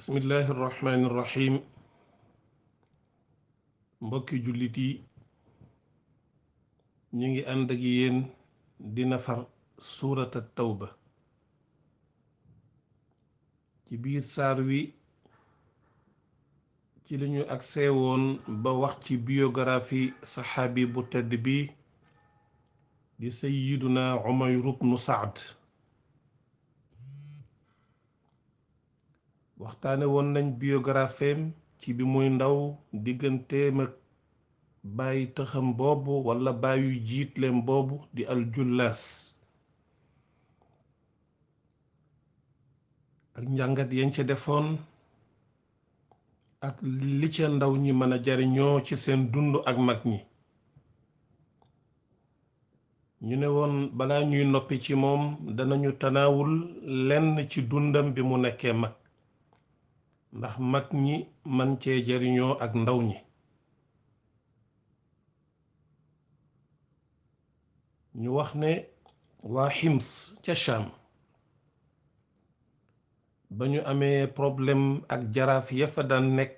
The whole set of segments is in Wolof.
bismillahi irrahmani irrahim mbokki jullit yi ñu ngi ànd ak yéen di nafar suurata tawba ci biir saar wi ci lañu agsee ba wax ci biographie saxaabi bu tedd bi di sayyiduna Umayr ibnu Saad waxtaane woon nañ biographeem ci bi muy ndaw digganteem ak bàyyi tëxam boobu wala bàyyu jiitleem boobu di al aljullaas ak njàngat yañ ca defoon ak li ca ndaw ñi mën a jariñoo ci seen dund ak mag ñi ñu ne woon balaa ñuy noppi ci moom danañu tanaawul lenn ci dundam bi mu nekkee mag ndax mag ñi man cee jariñoo ak ndaw ñi ñu wax ne waa Hims ca Sham ba ñu amee problème ak jaraaf ya fa daan nekk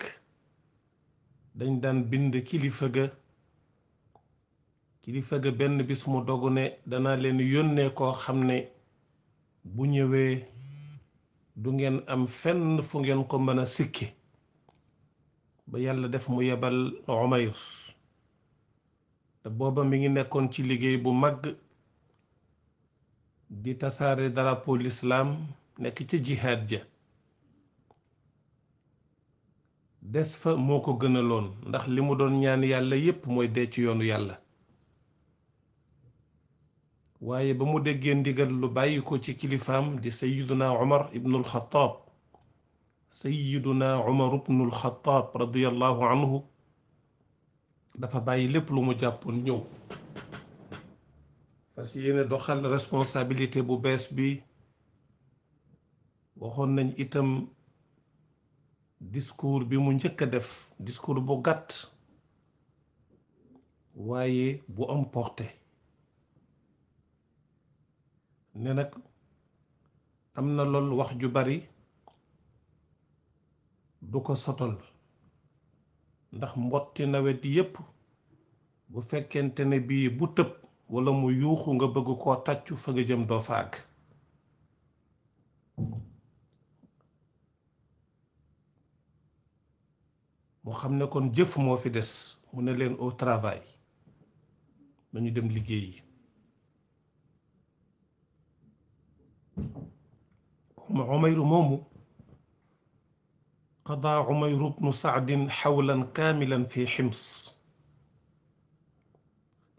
dañ daan bind kilifa ga kilifa ga benn bis mu dogu ne danaa leen yónnee koo xam ne bu ñëwee du ngeen am fenn fu ngeen ko mën a sikki ba yàlla def mu yebal Umayr te booba mi ngi nekkoon ci liggéey bu mag di tasaare drapeau lislaam nekk ci jihaad ja des fa moo ko gënaloon ndax li mu doon ñaan yàlla yépp mooy dee ci yoonu yàlla waaye ba mu déggee ndigal lu bàyyi ko ci kilifaam di sayiduna umar ibnul xataab sayiduna umar ibnul xataab radiallahu anhu dafa bàyyi lépp lu mu jàppoon ñëw parce que yéene doxal responsabilité bu bees bi waxoon nañ itam discours bi mu njëkk a def discours bu gàtt waaye bu am ne nag am na lool wax ju bari du ko sotal ndax mbotti nawet yépp bu fekkente ne bii bu tëb walla mu yuuxu nga bëgg koo tàccu fa nga jëm doo faag mu xam ne kon jëf moo fi des mu ne leen au travail nañu dem liggéey mu umayru moomu qadaa umayru bnu saadin xawlan kaamilan fi xims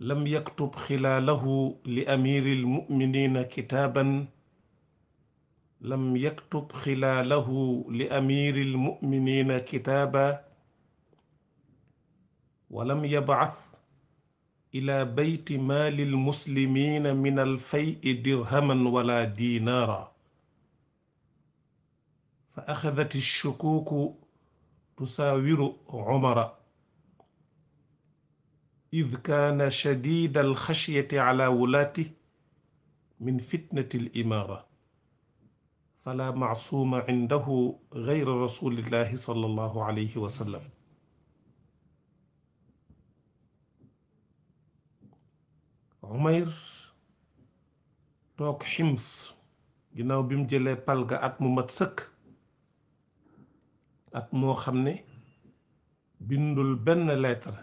lam yaktub xilaalahu li amiiril mu'miniina kitaaban lam yaktub xilaalahu li amiiril mu'miniina kitaaba walam yabcas ilaa bayti maalil muslimiina minal fay'i dirhaman wala diinaara fa axadati shukuuku tusaawiru Umara id kaana shadiida alxashyati ala wulaatihi min fitnati alimaara fala macsuuma cindahu gayra rasulillahi sallallahu alayhi wa sallam Umayr toog Hims ginnaaw bi mu jëlee palga at mu mat sëkk ak moo xam ne bindul benn lettre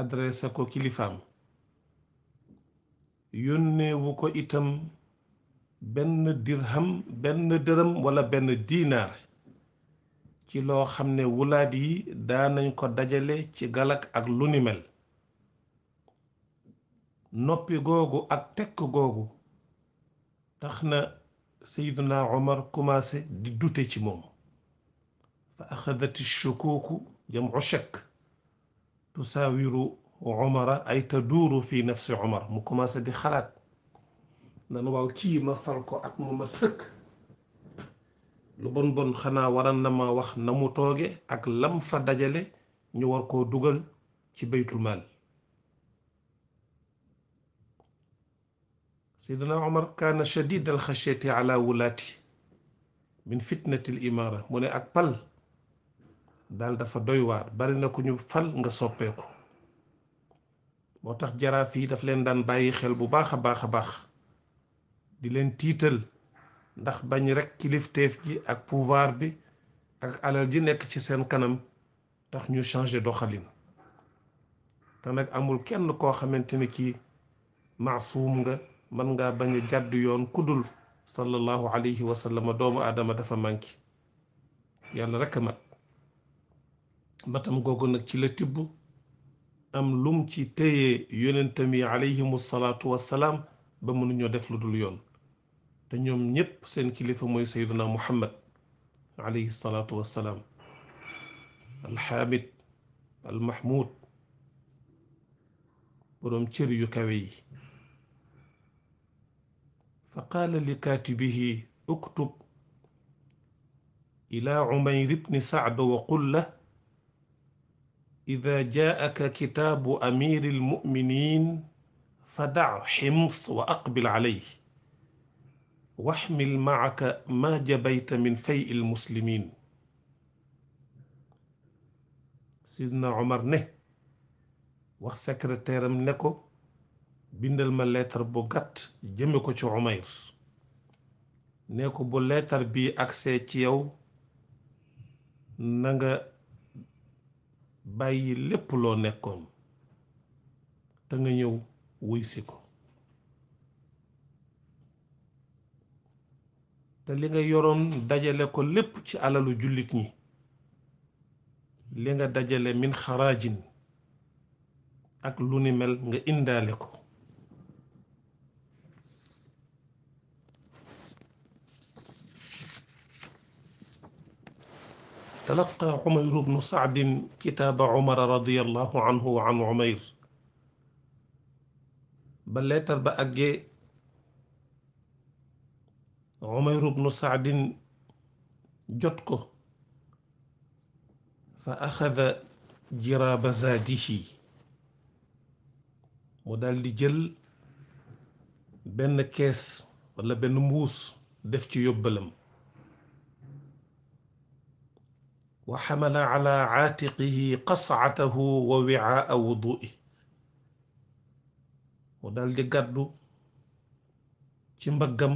adressé ko kilifaam yónneewu ko itam benn dërëm wala benn diinaar ci loo xam ne wulaat yi daanañ ko dajale ci galak ak lu ni noppi googu ak tekk googu tax na Seydina Omar commencé di dute ci moom fa axadat shukuuku jamcu shakk tusaawiru omara ay taduuru fi nafsi omar mu commencé di xalaat nan waaw kii ma fal ko at mu mat sëkk lu bon bon xanaa waran na ma wax na mu tooge ak lam fa dajale ñu war koo dugal ci baytul maal seydina omar kaana shadid al min fitnati al imaara mu ne ak pal daal dafa doy waar bari na ko ñu fal nga soppeeku moo tax jaraaf yi daf leen daan bàyyi xel bu baax a baax a baax di leen tiital ndax bañ rek kilifteef gi ak pouvoir bi ak alal ji nekk ci seen kanam tax ñu changer doxalin te nag amul kenn koo xamante ki kii maasuum nga mën ngaa bañ a jàdd yoon kuddul sallallahu alayhi wa sallam doomu aadama dafa manqué yàlla rekk a mat matam googu nag ci la tibb am lum ci téye yonentam yi alayhimu wassalaam ba mënuñoo def lu dul yoon te ñoom ñépp seen kilifa mooy sayduna muhammad alayhi salaatu wassalaam alxaamid almahmud boroom cër yu kawe yi fa qaala li kaatibihi uktub ila umayr ibni saad wa qul lah ida jaaka kitaabu amiri almuminin fa dac xims wa aqbil caley waxmil macaka maa jabayta min fay almuslimin sidna omar ne wax secrétaire am ne ko bindal ma leetar bu gàtt jëme ko ci umayr ne ko bu leetar bi agsee ci yow na nga bàyyi lépp loo nekkoon te nga ñëw wuyusi ko te li nga yoroon dajale ko lépp ci alalu jullit ñi li nga dajale min xaraajin ak lu ni mel nga indaale ko تلقى عمير بن صعب كتاب عمر رضي الله عنه وعن عمير ba leetar ba àggee Umayr ibnu Saadin jot ko fa axada jiraaba zaadihi mu daal di jël benn kees walla benn mbuus def ci yóbbalam wa xamala ala aatiqihi qascatahu wa wicaa wudui mu dal di gàddu ci mbaggam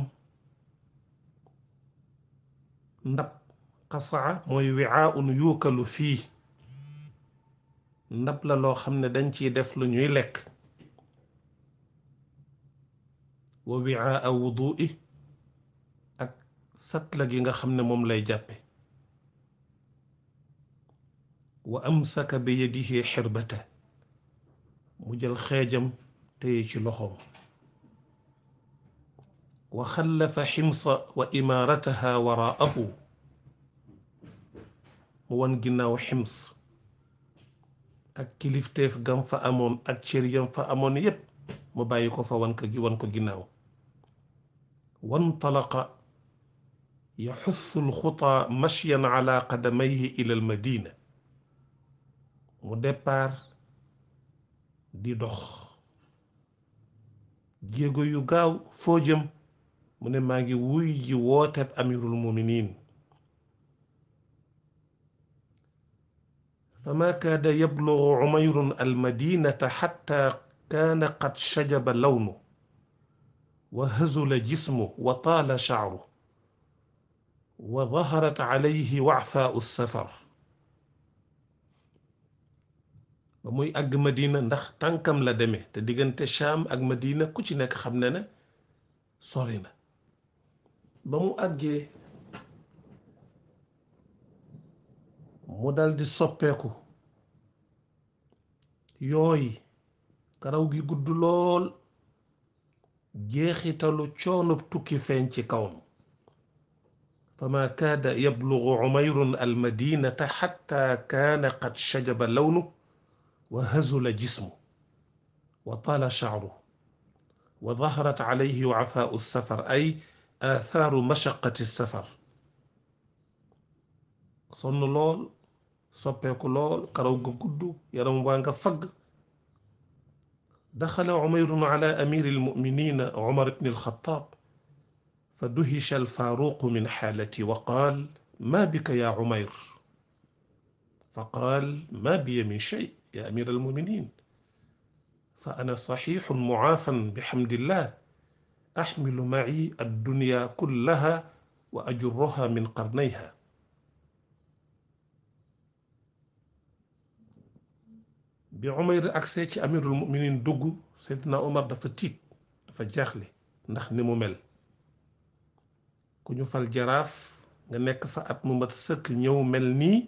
ndab qasca mooy wicaa yuukalu fii ndab la loo xam ne dañ ciy def lu ñuy lekk wa wicaa wudui ak satla gi nga xam ne moom lay jàppe wa amsaka bi yadihi xirbata mu jël xeejam téye ci loxoom wa xallafa ximsa wa imaarataha waraahu mu wan ginnaaw xims ak kilifteef gam fa amoon ak cër yam fa amoon yépp mu bàyyi ko fa wan ko wan ko ginnaaw wantalaqa yaxussu alxutaa mashyan ala qadamayhi ila almadina mu départ di dox jéego yu gaaw foo jëm mu ne maa ngi wuy ji wooteeb amirul muminin fama kaada yablugu umayrun almadinata xatta kaana qad shajaba lawnu wa hazula jismu wa taala shaaru wa daharat calayhi wacfaau safar muy àgg Madina ndax tànkam la deme te diggante Cham ak Madina ku ci nekk xam na ne sori na ba mu àggee mu dal di soppeeku yooyu karaw gi gudd lool jeexitalu coonub tukki feeñ ci kawam fa ma kaada yablugu umayrun almadinata xatta kaana qad shajaba lawnu wa hazula jismu wa tala sha'ru wa daharat alayhi waafaau safar ay athaaru mashaqati safar sonn lool soppeeku lool xaraw nga gudd yaram waa nga fagg daxala umayrun ala amiri almuminina umar ibn alxataab fa duhisha alfaaruqu min xaalati wa qaal ma bika ya umayr fa qaal ma biya min shay ya amir almuminin fa ana saxiixun mucaafan bixamdillah axmilu maci addunya kullaha wa ajurruha min qarnayha bi Umayr agsee ci amirul muminin dugg Seydina Omar dafa tiit dafa jaaxle ndax ni mu mel ku ñu fal jaraaf nga nekk fa at mu mat sëkk ñëw mel nii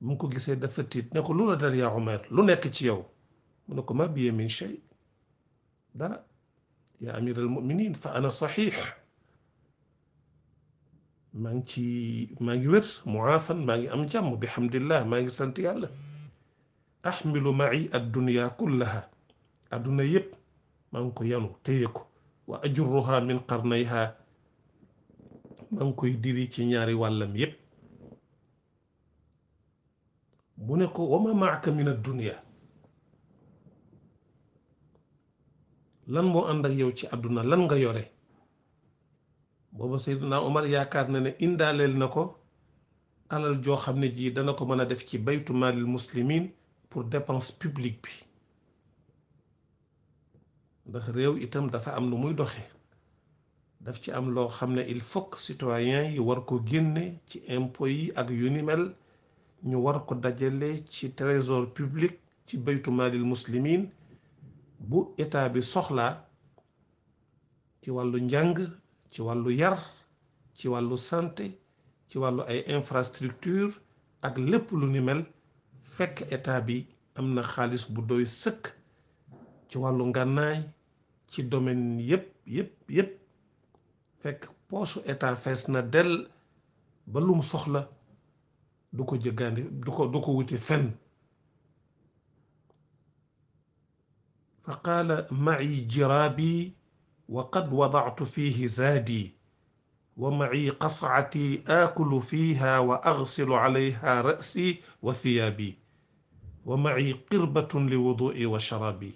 mu ngi ko gisee dafa tiit ne ko lu la dal yaa Umar lu nekk ci yow mu ne ko ma biye min shay dara yaa amir al fa ana saxiix maa ngi ci maa ngi wér muaafan maa ngi am jàmm bi hamdillah maa ngi sant yàlla axmilu mai addunya kullaha adduna yépp maa ngi ko yanu téye ko wa ajurruha min qarnayha maa ngi koy diri ci ñaari wàllam yépp mu ne ko wama maaka min ad lan moo ànd ak yow ci àdduna lan nga yore booba Seydina Omar yaakaar na ne indaaleel na ko alal joo xam ne jii dana ko mën a def ci baytu maalil muslimin pour dépense publique bi ndax réew itam dafa am lu muy doxe daf ci am loo xam ne il faut que citoyen yi war ko génne ci impôt yi ak yu ni mel ñu war ko dajale ci trésor public ci baytu maalil muslimin bu état bi soxlaa ci wàllu njàng ci wàllu yar ci wàllu santé ci wàllu ay infrastructure ak lépp lu ni mel fekk état bi am na xaalis bu doy sëkk ci wàllu ngànnaay ci domaine yépp yépp yépp fekk poosu état fees na dell ba lum soxla du ko jëggaandi du ko du ko wuti fenn fa qaala maci jiraabi wa qad wadactu fiihi zaadi wa maci qascati aakulu fiiha wa agsilu calayha ra'si wa thiyaabi wa maci qirbatun liwudu'i wa sharaabi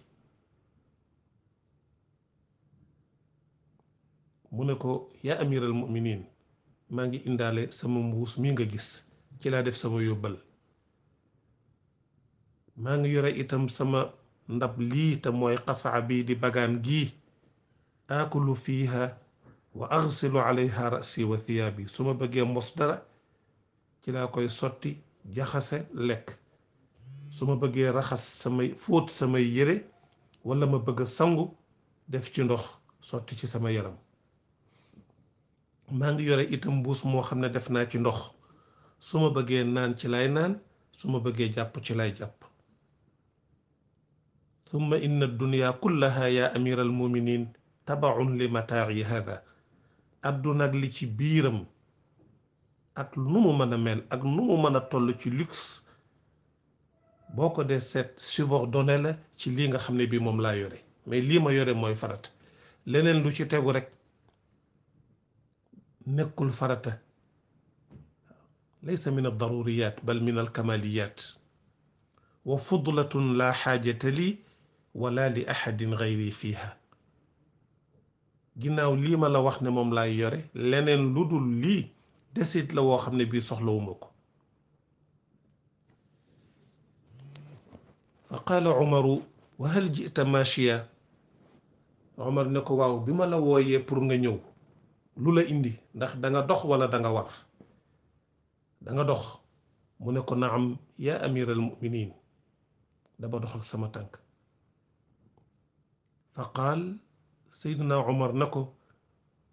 mu ne ko yaa amiral muminin maa ngi indaale sama mbuus mi nga gis ci laa def sama yóbbal maa ngi yore itam sama ndab lii te mooy xasaa bi di bagaan gii aakulu fiiha wa arsilu alayha rasi wa thiyaabi su ma bëggee mos dara ci laa koy sotti jaxase lekk su ma bëggee raxas samay fóot samay yére walla ma bëgg sangu def ci ndox sotti ci sama yaram maa ngi yore itam mbuus moo xam ne def naa ci ndox su ma bëggee naan ci lay naan su ma bëggee jàpp ci lay jàpp summa inna dunya kullaha yaa amiral muminin tabaun li yi hada àdduna ak li ci biiram ak nu mu mën a mel ak nu mu mën a toll ci luxe boo ko dee seet subordonné la ci lii nga xam ne bii moom laa yore mais lii ma yore mooy farat leneen lu ci tegu rek nekkul farata laysa min ad-daruriyat bal min al-kamaliyat wa fudlatun la xaajata li wala li ahadin gayri ginnaaw lii ma a wax ne moom laay yore leneen lu dul lii desit la woo xam ne bii soxlawuma ko fa qaala umaru wa hal jita maashiya umar ne ko waaw bi ma la wooyee pour nga ñëw lu la indi ndax danga dox wala danga war danga dox mu ne ko naam yaa amiral muminin dama dox sama tànk fa qaal sayduna omar na ko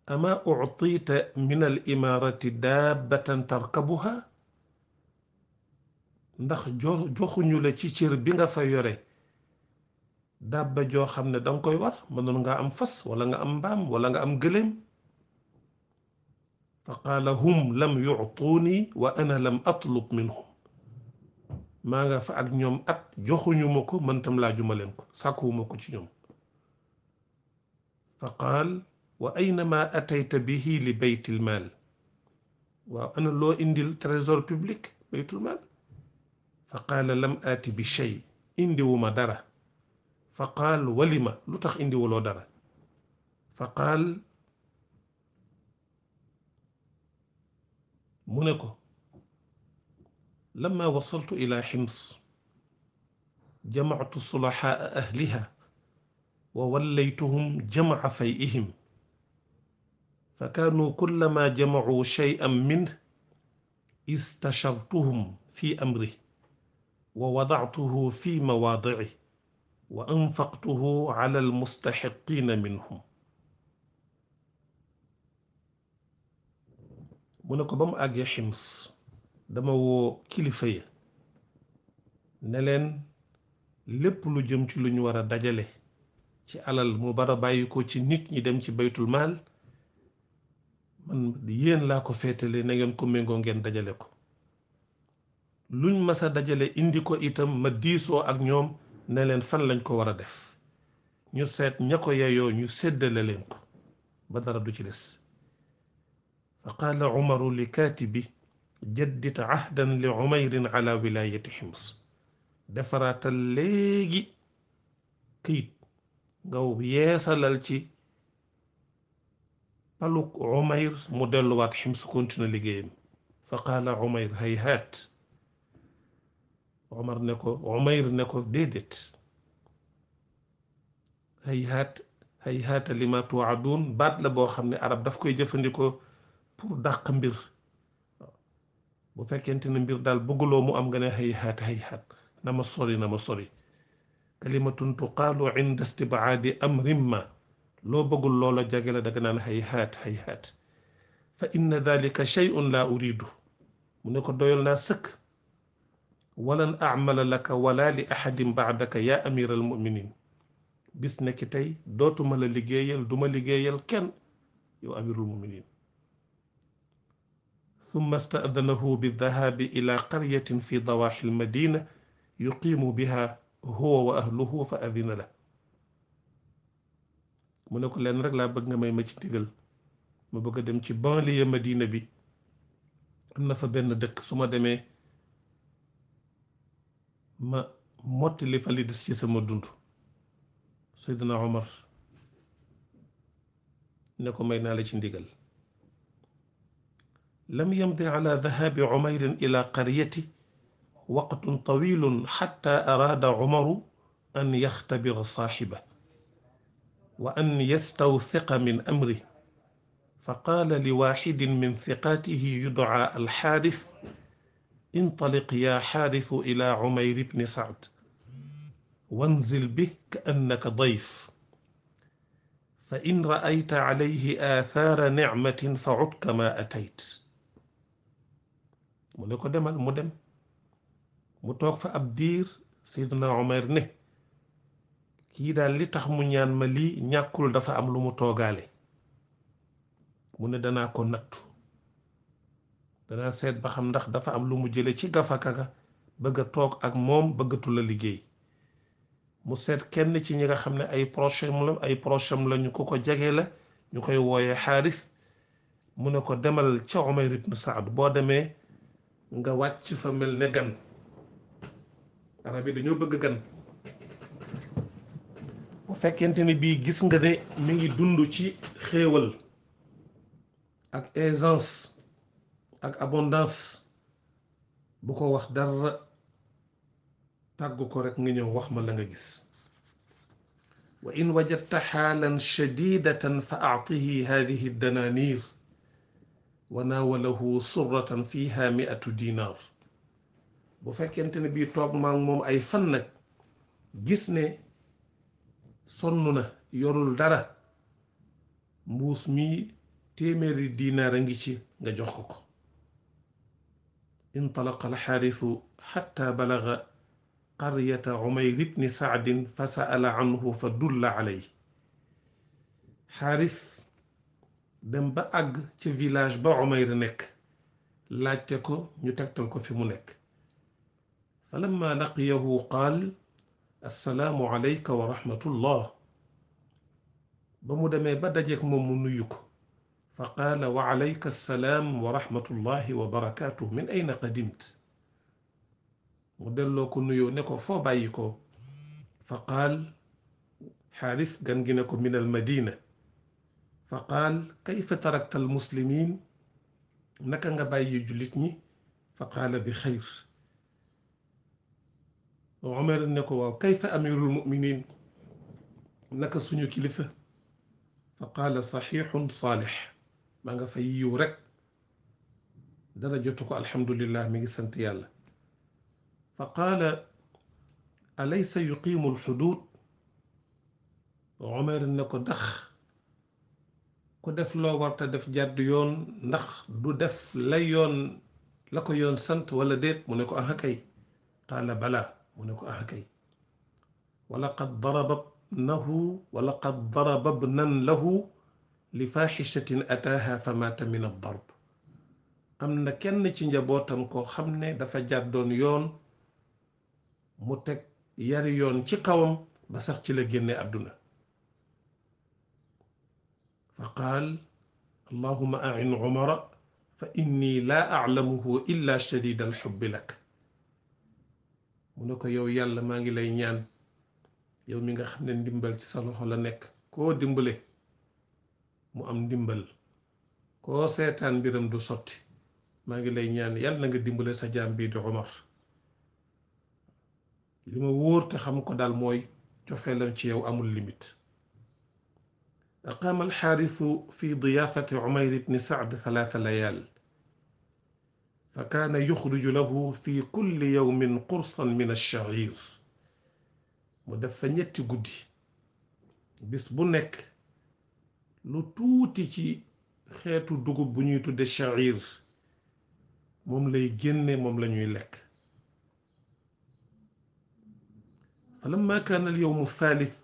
ama uctiita min al imaarati daabatan tarkabuha ndax jo joxuñu la ci cër bi nga fa yore dabba joo xam ne danga koy war mënoon nga am fas wala nga am mbaam wala nga am gëléem fa qaala hum lam yutuuni wa ana lam atlub minhum maa nga fa ak ñoom at joxuñu ma ko man tam laajuma leen ko sàkkuwuma ko ci ñoom fa qaal wa aynama atayta bihi li baytil maal waaw ana loo indil trésor public baytul maal fa qaala lam aati bi shay indiwuma dara fa qaal walima lu tax indiwuloo dara fa qaal mu ne ko lamma wasaltu ila xims jamactu sulaxaa ahliha wa wallaytuhum jamaca fay'ihim fa kaanuu kullama jamacuu shay'an minh istashartuhum fi amrih wa wadactuhu fi mawaadicih wa anfaqtuhu ala almustaxiqiina minhum mu ne ko ba mu àggee xims dama woo kilifa yi ne leen lépp lu jëm ci lu ñu war a dajale ci alal mu bara bàyyi ko ci nit ñi dem ci baytul man yéen laa ko féetale na ngeen ko méngoo ngeen dajale ko luñ mës a dajale indi ko itam ma diisoo ak ñoom ne leen fan lañ ko war a def ñu seet ña ko yeyoo ñu séddale leen ko ba dara du ci des فقال عمر لكاتبه جدد عهدا لعمير على ولاية حمص defaraatal léegi këyit nga yeesalal ci paluk Umayr mu delluwaat Hims continue liggéeyam fa qaala Umayr hayhaat Umar ne ko Umayr ne ko déedéet hayhaat hayhaata lima tuwaadun baat la boo xam ne arab daf koy jëfandikoo pour dàq mbir bu fekkente ne mbir daal bëgguloo mu am nga ne xëy xaat xëy xaat na ma sori na ma sori kalimatun tuqaalu amrin ma loo bëggul loola jage la daga naan xëy xaat xëy xaat fa inna dalika shay'un mu ne ko doyal naa sëkk walan amala laka wala li ahadin baadaka yaa amira al muminin ki tey dootuma la liggéeyal duma liggéeyal kenn yow amirul muminin ثم استأذنه بالذهاب إلى قرية في ضواحي المدينة يقيم بها هو وأهله فأذن له mu ne ko leen rek laa bëgg nga may ma ci ndigal ma bëgg a dem ci banlieue Madina bi am na fa benn dëkk su ma demee ma mottali fa li des ci sama dund Seydina Omar ne ko may naa la ci ndigal lam yamdi ala dahabi umayrin ila qaryati waqtun tawilun xatta araada umaru an yaxtabira saaxiba wa an yastawthiqa min amri fa qaala li waaxidin min thiqaatihi yudcaa alxaaris intaliq yaa xaarisu ila cumayr bni sacd wanzil bih kaannaka dayf fa in ra'ayta calayhi aathaara nicmatin facud kamaa atayt mu ne ko demal mu dem mu toog fa ab diir Seydina Omar ne kii daal li tax mu ñaan ma lii ñàkkul dafa am lu mu toogaale mu ne danaa ko nattu dana seet ba xam ndax dafa am lu mu jële ci gafaka ga bëgg a toog ak moom bëggatul a liggéey mu seet kenn ci ñi nga xam ne ay prochèm la ay ñu ko ko jege la ñu koy wooyee xaaris mu ne ko demal ca Umayr ibn Saad boo demee nga wàcc fa mel ne gan arab yi dañoo bëgg gan bu fekkente ni bii gis nga ne mu ngi dund ci xéewal ak aisance ak abondance bu ko wax dara tàggu ko rekk nga ñëw wax ma la nga gis wa in wajadta xaalan shadidatan fa aatihi hadihi dananir wa naawalahu surratan fiha miatu dinar bu fekkente ni bii toog maa moom ay fan nag gis ne sonn yorul dara mbuus mi téeméeri diinaar a ngi ci nga jox ko ko intalaqa alxaarisu xatta balaga saadin fa saala anhu fa dulla aley dem ba àgg ci village ba Umayr nekk laajte ko ñu tegtal ko fi mu nekk falamma laqiyahu qaal assalaamu alayka wa ba mu demee ba daje moom mu nuyu ko fa qaala wa alayka assalaam wa wa barakaatu min ayna qadimt mu delloo ko nuyoo ne ko foo bàyyi ko fa qaal xaaris gan ko min al fa qaal kayfa tarakta al muslimin naka nga bàyyi jullit ñi fa qaala bi xayr Umar ne ko waaw kayfa amirul muminin naka suñu kilifa fa qaala saxiixun saalix maa nga fa yiw rek dara jotu ko alhamdulillah mi ngi sant yàlla fa qaala alaysa yuqiimu alxudud Umar ne ko ndax ku def loo warta def jàdd yoon ndax du def lay yoon la ko yoon sant wala déet mu ne ko ah kay qaala bala mu ne ko ah kay walaqad darabnahu walaqad darababnan lahu li faaxishatin ataaha fa maata min ad am na kenn ci njabootam koo xam ne dafa jàddoon yoon mu teg yari yoon ci kawam ba sax ci la génne àdduna فقال اللهم أعن عمر فإني لا أعلمه إلا شديد الحب لك mu ne ko yow yàlla maa ngi lay ñaan yow mi nga xam ne ndimbal ci sa loxo la nekk koo dimbale mu am ndimbal koo seetaan mbiram du sotti maa ngi lay ñaan yàlla na nga dimbale sa jaam bii di Omar li ma wóor te xam ko daal mooy cofeelam ci yow amul limite أقام الحارث في ضيافة عمير بن سعد ثلاث ليال فكان يخرج له في كل يوم قرصا من الشعير mu def fa ñetti guddi bis bu nekk lu tuuti ci xeetu dugub bu ñuy tudde sha'ir moom lay génne moom la ñuy lekk falamma kaana al yawmu thalith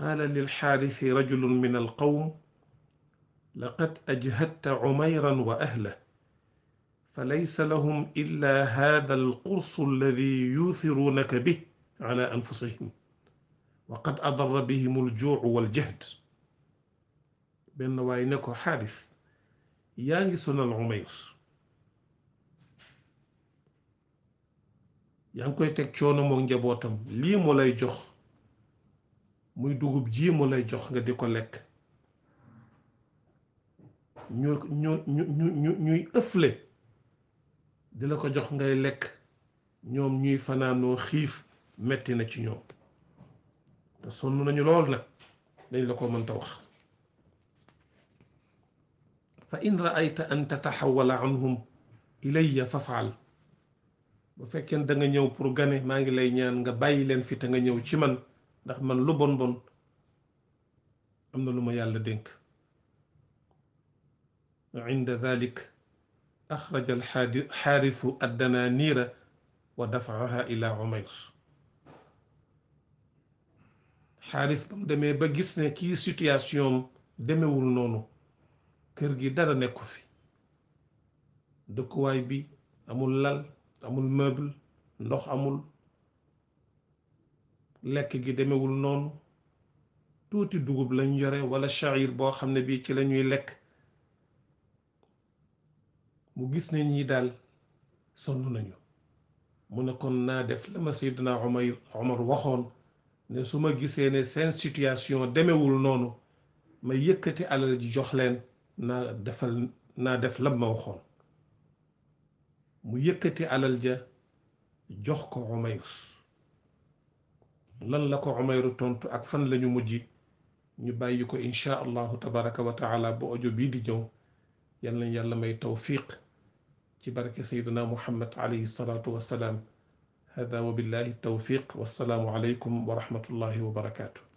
qaala lilxaarisi rajulun min alqawm laqad ajhadta cumayran wa ahlah falaysa lahum illa hada alqursu alladi yuuthiruunaka bih ala anfusihim wa qad adarra bihim aljuucu waljahd benn waay ne ko xaaris yaa ngi sonal Umayr yaa ngi koy teg coono mook njabootam lii moo lay jox muy dugub ji mu lay jox nga di ko lekk ñu ñu ñu ñu ñuy ëfle di la ko jox ngay lekk ñoom ñuy fanaanoo xiif metti na ci ñoom te sonn nañu lool nag dañ la ko mënta wax fa in raayta an tataxawala anhum ilayya fafaal bu fekkee da nga ñëw pour gane maa ngi lay ñaan nga bàyyi leen fi te nga ñëw ci man ndax man lu bon bon am na lu ma yàlla dénk inda dalik axraja alxaarisu addananiira wa dafaaha ila umayr xaaris ba mu demee ba gis ne kii situation demewul noonu kër gi dara nekku fi dëkkuwaay bi amul lal amul meuble ndox amul lekk gi demewul noonu tuuti dugub lañ yore wala sha'ir boo xam ne bii ci lañuy lekk mu gis ne ñi daal sonn nañu mu ne kon naa def la ma Seydina waxoon su ma gisee ne seen situation demewul noonu ma yëkkati alal ji jox leen naa defal naa def la ma waxoon mu yëkkati alal ja jox ko Umayr lan la ko Umayru tontu ak fan lañu mujj ñu bàyyi ko incha allahu tabaraka wa taala bu ojo bii di ñëw yal nañ yàlla may tawfiq ci barke saydina muhammad alayhi salaatu wassalaam hada wa billahi tawfiq wassalaamu alaykum wa rahmatullahi wa barakaatu